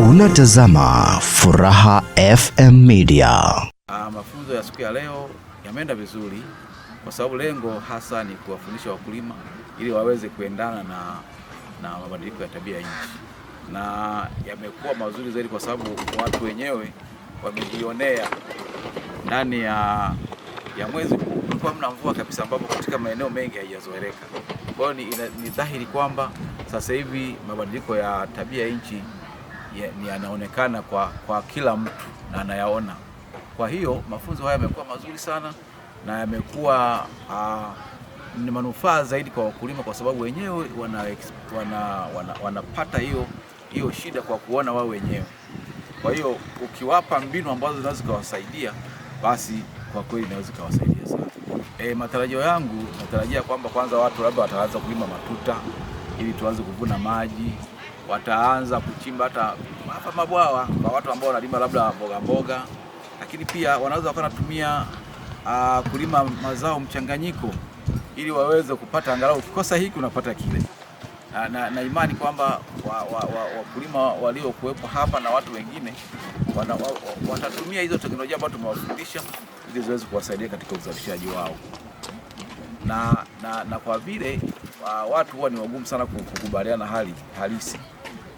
Unatazama Furaha FM Media. Ah, mafunzo ya siku ya leo yameenda vizuri kwa sababu lengo hasa ni kuwafundisha wakulima ili waweze kuendana na, na mabadiliko ya tabia ya nchi, na yamekuwa mazuri zaidi kwa sababu watu wenyewe wamejionea ndani ya, ya mwezi kulikuwa mna mvua kabisa, ambapo katika maeneo mengi haijazoeleka. Kwa hiyo ni, ni dhahiri kwamba sasa hivi mabadiliko ya tabia ya nchi ni yanaonekana kwa, kwa kila mtu na anayaona. Kwa hiyo mafunzo haya yamekuwa mazuri sana na yamekuwa ah, ni manufaa zaidi kwa wakulima, kwa sababu wenyewe wanapata wana, wana, hiyo hiyo shida kwa kuona wao wenyewe. Kwa hiyo ukiwapa mbinu ambazo zinaweza zikawasaidia, basi kwa kweli inaweza kuwasaidia sana. E, matarajio yangu natarajia kwamba kwanza watu labda wataanza kulima matuta ili tuanze kuvuna maji wataanza kuchimba hata hapa mabwawa kwa watu ambao wanalima labda mboga mboga, lakini pia wanaweza wakawa wanatumia uh, kulima mazao mchanganyiko ili waweze kupata angalau ukikosa hiki unapata kile na, na, na imani kwamba wakulima wa, wa, wa waliokuwepo hapa na watu wengine wana, wa, wa, watatumia hizo teknolojia ambazo tumewafundisha ili ziweze kuwasaidia katika uzalishaji wao, na, na, na kwa vile ah, watu huwa ni wagumu sana kukubaliana hali halisi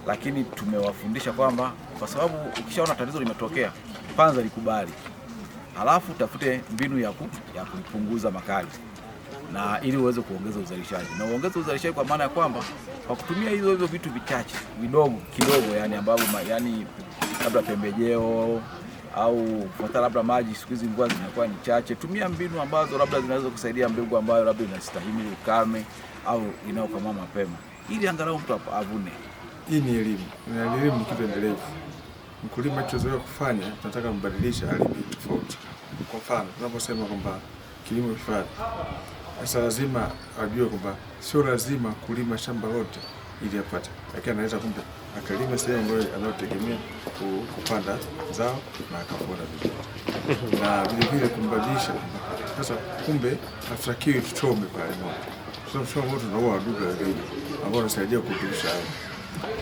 lakini tumewafundisha kwamba kwa sababu ukishaona tatizo limetokea, kwanza likubali, halafu tafute mbinu ya ku, ya kupunguza makali na ili uweze kuongeza uzalishaji na uongeze uzalishaji kwa maana ya kwamba kwa kutumia hizo hivyo vitu vichache vidogo kidogo, yani ambavyo yani labda pembejeo au hata labda maji, siku hizi mvua zinakuwa ni chache. Tumia mbinu ambazo labda zinaweza kusaidia mbegu ambayo labda inastahimili ukame au inayokomaa mapema, ili angalau mtu avune. Hii ni elimu na elimu ni kitu endelevu. Mkulima kichozoea kufanya tunataka mbadilisha hali tofauti. Kwa mfano tunaposema kwamba kilimo hifadhi, sasa lazima ajue kwamba sio lazima kulima shamba lote ili apate, lakini anaweza kumbe akalima sehemu ambayo anayotegemea kupanda zao na akavuna vizuri, na vilevile kumbadilisha sasa. Kumbe hatutakiwi tuchome pale moto, tunaua wadudu wadogo ambao wanasaidia kutulisha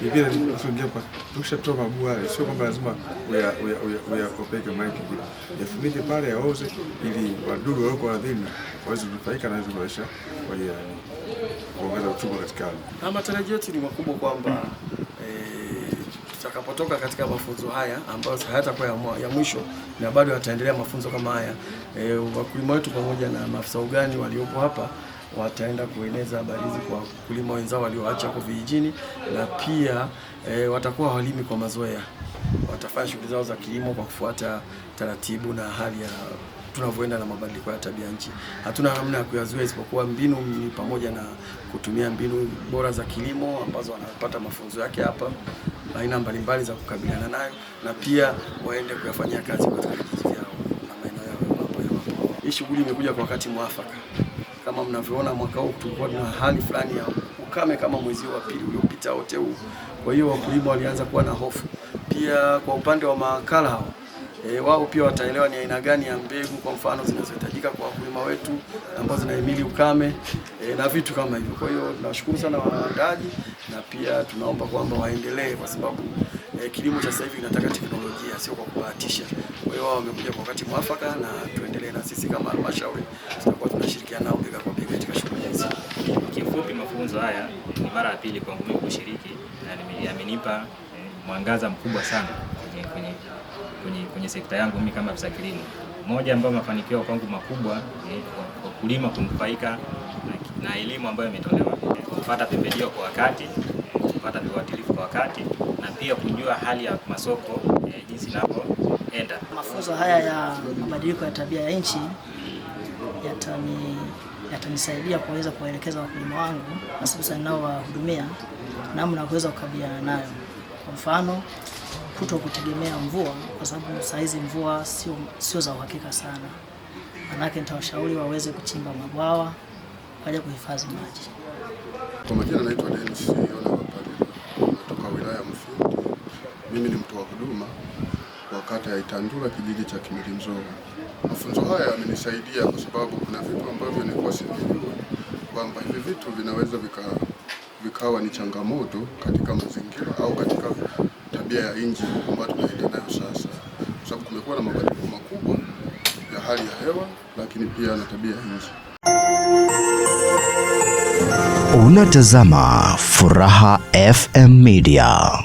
vile tunaingia kwa tukishatoa mabua, sio kwamba lazima uyapeke maji kule, yafunike pale yaoze, ili wadudu walioko ardhini waweze kunufaika na hizo maisha kwa ajili kuongeza uchumi katika ardhi. Na matarajio yetu ni makubwa kwamba eh, tutakapotoka katika mafunzo haya ambayo hayatakuwa ya mwisho na bado yataendelea mafunzo kama haya, eh, wakulima wetu pamoja na maafisa ugani waliopo hapa wataenda kueneza habari hizi kwa wakulima wenzao walioacha kwa vijijini, na pia e, watakuwa walimi kwa mazoea, watafanya shughuli zao za kilimo kwa kufuata taratibu na hali ya tunavyoenda na mabadiliko ya tabia nchi. Hatuna namna ya kuyazuia isipokuwa mbinu ni pamoja na kutumia mbinu bora za kilimo ambazo wanapata mafunzo yake hapa, aina mbalimbali za kukabiliana nayo, na pia waende kuyafanyia kazi katika vijiji vyao na maeneo yao ambapo wapo. Hii shughuli imekuja kwa wakati mwafaka. Kama mnavyoona mwaka huu tulikuwa na hali fulani ya ukame kama mwezi wa pili uliopita wote huu, kwa hiyo wakulima walianza kuwa na hofu. Pia kwa upande wa mawakala hao e, wao pia wataelewa ni aina gani ya mbegu kwa mfano zinazohitajika kwa wakulima wetu ambao zinahimili ukame e, na vitu kama hivyo. Kwa hiyo tunashukuru sana waandaji na pia tunaomba kwamba waendelee kwa sababu eh, kilimo cha sasa hivi kinataka teknolojia, sio kwa kubahatisha. Kwa hiyo wao wamekuja kwa wakati mwafaka, na tuendelee na sisi kama halmashauri tutakuwa tunashirikiana nao bega kwa bega katika shughuli hizi. Kifupi, mafunzo haya ni mara ya pili kwangu mimi kushiriki na yamenipa eh, mwangaza mkubwa sana kwenye, kwenye, kwenye, kwenye sekta yangu mimi kama afisa kilimo. Moja ambayo mafanikio kwangu makubwa ni eh, wakulima kunufaika na elimu ambayo imetolewa kupata pembejeo kwa wakati kupata viuatilifu kwa wakati na pia kujua hali ya masoko e, jinsi inavyoenda. Mafunzo haya ya mabadiliko ya tabia ya nchi yatani yatanisaidia kuweza kuwaelekeza wakulima wangu hususani nao wahudumia namna kuweza kukabiliana nayo, kwa mfano kuto kutegemea mvua, kwa sababu saa hizi mvua sio, sio za uhakika sana. Manake nitawashauri waweze kuchimba mabwawa kwa ajili ya kuhifadhi maji. Kwa majina naitwa Dennis mimi ni mtoa huduma wakati kata ya Itandula kijiji cha Kimilimzoro. Mafunzo haya yamenisaidia kwa sababu kuna vitu ambavyo nilikuwa sijui kwamba hivi vitu vinaweza vika, vikawa ni changamoto katika mazingira au katika tabia ya nchi ambayo tunaenda nayo sasa, kwa sababu kumekuwa na mabadiliko makubwa ya hali ya hewa, lakini pia na tabia ya nchi. Unatazama Furaha FM Media.